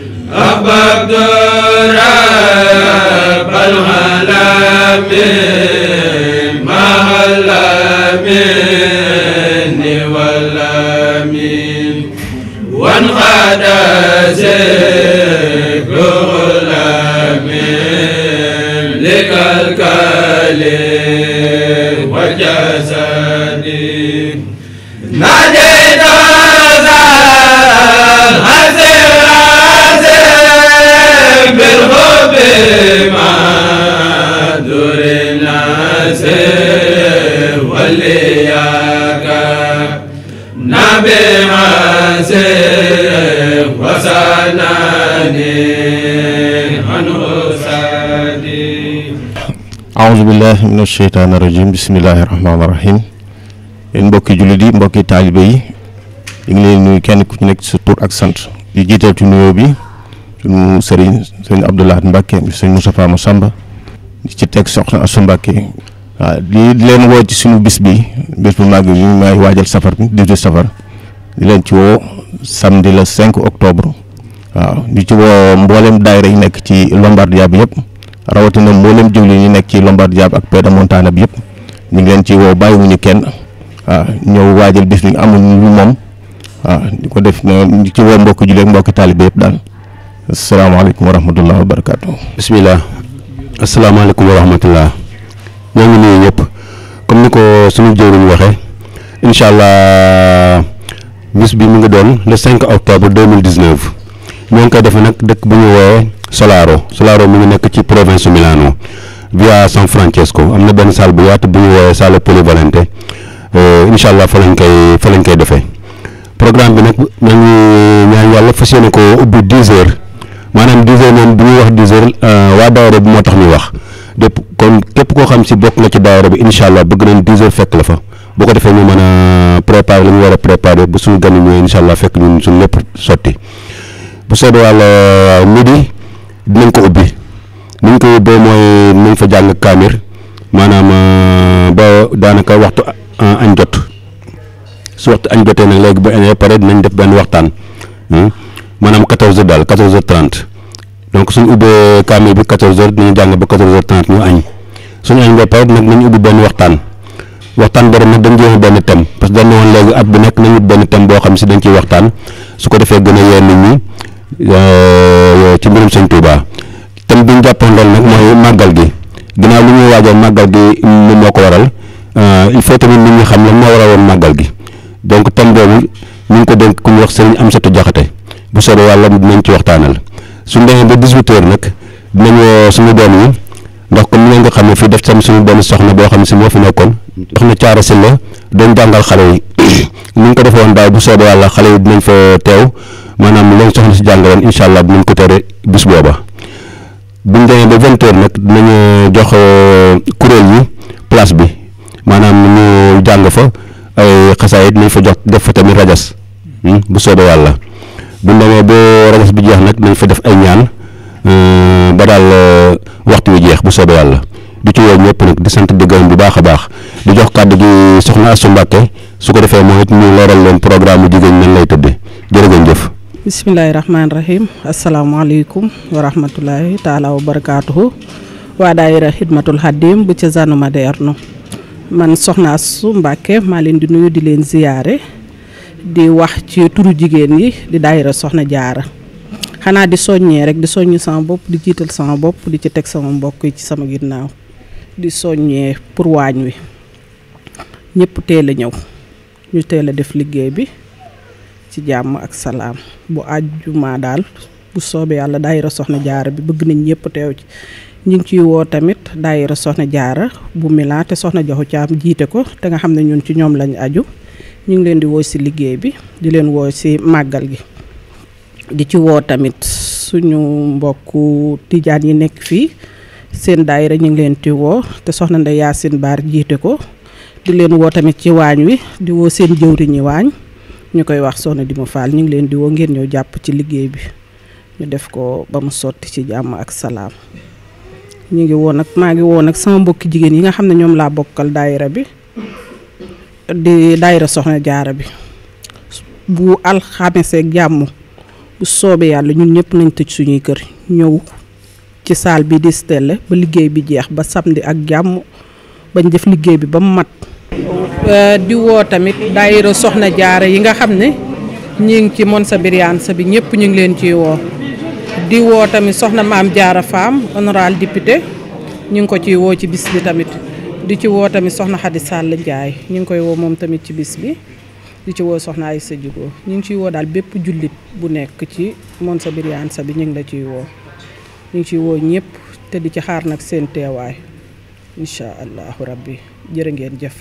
أحببت رب العالم مع والأمين وانقاد ذكر لك الكلم والجزاء ahousubillahi min asheytaani rajim bisimillahi rahmaani rahim yéen mbokki jullit yi mbokki taalibe yi leen nuyu kenn ku ci nekk sa ak sant di jiital ci nuyoo bi suñu sëriñ sëriñ Abdoulahat Mbàkke bi sëriñ Moustapha Massamba di ci teg soxna Asu Mbàkke waaw di leen woo ci suñu bis bi bis bu màgg bi maay waajal safar bi dix safar di leen ci woo samedi le cinq octobre waaw di ci woo mboolem daayira nekk ci Lombardia bi yëpp rawatina mbolem jiwli ñi nek ci lombard diab ak peda montana bi yep ñu ngi len ci woo bàyyiwuñu kenn waaw ah, ñew wajal bis ni amul ñu mom waaw ah, diko def na ah, ci wo mbokk julli ak mbokk yep dal assalamu alaykum wa rahmatullahi wa barakatuh bismillah alaykum wa rahmatullah ñu ngi nuyu yep comme niko ko suñu jëwriñ waxee inshallah allah bis bi mu ngi don le 5 octobre 2019 ñu ngi koy def nak dekk bu ñu woyé Solaro Solaro mu ngi nek ci province Milano via San Francesco amna ben salle bu yatt bu ñu salle polyvalente euh inshallah fa lañ kay fa lañ kay defee programme bi nag ñu ñaan yalla fassiyene ko ubbi 10 heures manam 10 heures moom bu ñuy wax 10 heures euh wa bi bu motax ñu wax dépp kon képp ko xam ci bok nga ci daayira bi inshallah bëgg nañ 10 heures fekk la fa bu ko defé ñu mëna préparer li ñu wara préparer bu suñu gan ñu inshallah fekk ñun suñu lepp soti bu sédo wala euh, midi. dinañ ko ubbi ni ñu ko ubbee mooy nañ fa jàng kaamir maanaam euh, ba daanaka waxtu añ jot su waxtu añ jotee nag léegi bu añee pare dinañ def benn waxtaan hmm? maanaam 14 heures daal 14 heures 30 donc suñ ubbee kaamir bi 14 heures dinañ jàng ba 14 heures 30 ñu añ suñu añ ba pare nag nañ ubbi benn waxtaan waxtaan boobu nag dañ joxe benn thème parce que dañ ne léegi at bu nekk nañ benn thème boo xam si dañ ciy waxtaan su ko defee gën a yee ñi. ci mbirum sëñ Touba tam bi ñu jàppoon loolu nag mooy màggal gi ginnaaw mu ñuy waajal màggal gi moom moo ko waral euh, il faut tamit nit ñi xam lan moo màggal gi donc tam boobu ñu ngi ko dénk ku ñuy wax sëriñ Amsatu Jaxate bu soobee yàlla dinañ ci waxtaanal suñ demee ba 18 nag dinañ woo suñu yi ndax comme ni nga xam ne fii def tam suñu benn soxna boo xam ne si moo fi nekkoon wax na caara si la doon jàngal xale yi ni ngi ko defee woon daaw bu soobee yàlla xale yi dinañ fa teew maanaam lañ soxna si jàng ren incha allah bu ñu ko tere bis booba bu ñu demee ba vingt heures nag dinañu jox euh, kuréel yi place bi maanaam ñu jàng fa ay xasaay dinañ fa jox def fa tamit rajas hmm, bu soobee yàlla bu ñu ba rajas bi jeex nag dinañ fa def ay ñaan euh, ba daal euh, waxtu wi jeex bu soobee yàlla di ci woo ñëpp nag di sant di gërëm bu baax a baax di jox kàdd gi soxna Astou Mbacke su ko defee moom it ñu leeral leen programme mu jigéen ñi lay tëdde jërë ngeen jëf. bisimilahi rahmaani rahim asalaamaaleykum wa rahmatulahi taala wa barakaatuhu waa daayira xidmatul xadim bu ca Zanu Maderno man soxna Astou Mbacke maa leen di nuyu di leen ziyaare di wax ci turu jigéen yi di daayira soxna jaara xanaa di soññee rek di soññ sama bopp di jiital sama bopp di ci teg sama mbokk yi ci sama ginnaaw di soññee pour waañ wi ñëpp teel a ñëw ñu teel a def liggéey bi ci jàmm ak salaam bu àjjuma daal bu soobee yàlla daayira soxna jaara bi bëgg nañ ñëpp teew ci ñu ngi ciy woo tamit daayira soxna jaara bu Milan te soxna joxu caam jiite ko te nga xam ne ñun ci ñoom lañu aju ñu ngi leen di woo ci liggéey bi di leen woo si màggal gi di ci woo tamit suñu mbokku tijaan yi nekk fii seen daayira ñu ngi leen di te soxna Ndey Yaasin Baar jiite ko di leen woo tamit ci waañ wi di woo seen jëwriñi waañ ñu koy wax soxna Dima Fall ñu ngi leen di woo ngeen ñëw jàpp ci liggéey bi ñu def ko ba mu sotti ci jàmm ak salaam. ñu ngi woon nag maa ngi woon nag sama mbokki jigéen yi nga xam ne ñoom laa bokkal daayira bi di daayira soxna jaara bi bu alxameseeg jàmm bu soobee yàlla ñun ñëpp nañ tëj suñuy kër ñëw ci saal bi di stelle ba liggéey bi jeex ba samedi ak jàmm bañ def liggéey bi ba mu mat Euh, diwoo woo tamit daayira soxna jaara yi nga xam ne ñi ngi ci Monsa Biryaan sa bi ñëpp ñu ngi leen ciy woo diwoo tamit soxna maam jaara femme honorable député ñu ngi ko ciy woo ci bis bi tamit di ci woo tamit soxna Xadi Sall Njaay ñu ngi koy woo moom tamit ci bis bi di ci woo soxna ay sa jigoo ñu ngi ciy woo daal bépp jullit bu nekk ci Monsa Biryaan sa bi ñu ngi la ciy woo ñu ngi ciy woo ñëpp te di ci xaar nag seen teewaay incha allahu rabbi jërë ngeen jëf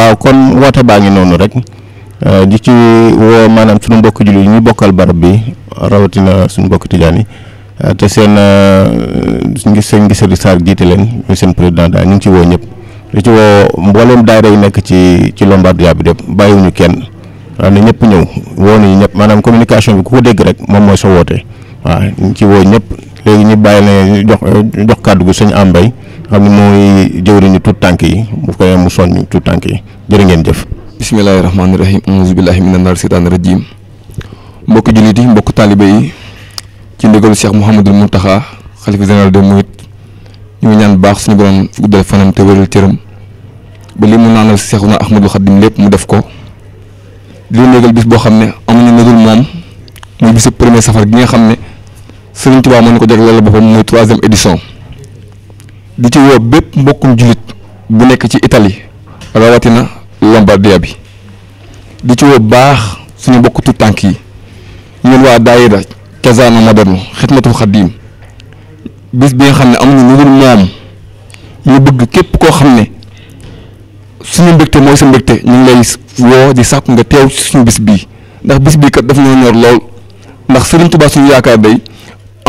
waaw kon woote baa ngi noonu rek euh, di ci woo maanaam suñu mbokk jullit yi ñu bokkal barab bi rawatina suñu mbokk tijaan yi euh, te seen euh, ngi seen ngi sëriñ Sarr jiite leen ñu seen président daal ñu ngi ci woo ñëpp di ci woo mbooleem daayira yi nekk ci ci Lombardia bi dépp bàyyiwuñu kenn waaw ne ñëpp ñëw woo nañu ñëpp maanaam communication bi ku ko dégg rek moom mooy sa woote waaw ñu ci woo ñëpp léegi ñu bàyyi ne jox jox kàddu gu sëñ Ambay xam ne mooy jëwriñu tuut tànk yi mu koy mu soññ tuut tànk yi jërë ngeen jëf bismillahi rahmaani rahim auzu billahi mina naar seytaani rajim mbokki jullit yi mbokk taalibe yi ci ndigalu Cheikh Mouhamadul Mountakha xalifa général des mourides ñu ngi ñaan baax suñu borom guddal fanam te wéral cëram ba li mu naanal Seexuna Ahmadul Xadim lépp mu def ko li néegal bis boo xam ne amuñu lu dul moom muy bisu premier safar gi nga xam ne Sëriñ Tuubaa moo ñu ko jagleel boppam muy troisième édition di ci woo bépp mbokkum jullit bu nekk ci Italie rawatina Lombardia bi di ci woo baax suñu mbokk tànk yi ñun waa daayira Casano Moderno Xidmatul Xadiim bis bi nga xam ne amuñu lu moom ñu bëgg képp koo xam ne suñu mbégte mooy sa mbégte ñu ngi lay woo di sàkku nga teew suñu bis bi ndax bis bii kat daf ñoo ñor lool ndax Sëriñ Tuubaa suñu yaakaar day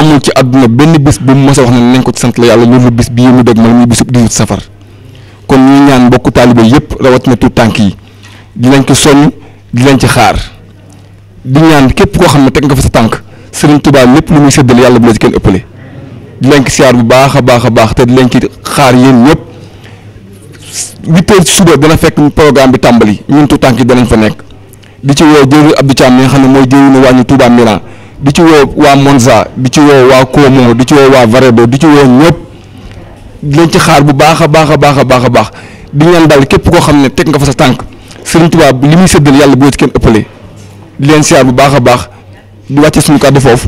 amul ci àdduna benn bis bu mu mës wax ne nañ ko ci sant la yàlla loolu bis bii mu dëgg man muy bisub 18 safar kon ñu ñaan mbokku taalibe yëpp na tuut tànk yi dinañ ko sonn dinañ ci xaar di ñaan képp koo xam ne teg nga fa sa tànk Sëriñ Tuubaa lépp lu séddale yàlla bu la ci ëppale dinañ ko bu baax a baax a baax te dinañ ci xaar yéen ñëpp huit heures ci dana fekk programme bi tàmbali ñun tuut tànk danañ fa nekk di ci woo jëwriñ Abdou Thiam mi nga xam ne mooy jëwriñ wàññi Touba Milan di ci woo waa Monza di ci woo waa Como di ci woo waa Varedo di ci woo ñëpp di leen ci xaar bu baax a baax a baax a baax a baax di ñaan daal képp koo xam ne teg nga fa sa tànk Serigne Touba li muy séddal yàlla boo ci kenn ëppale di leen siyaar bu baax a baax di wàcce suñu kàddu foofu.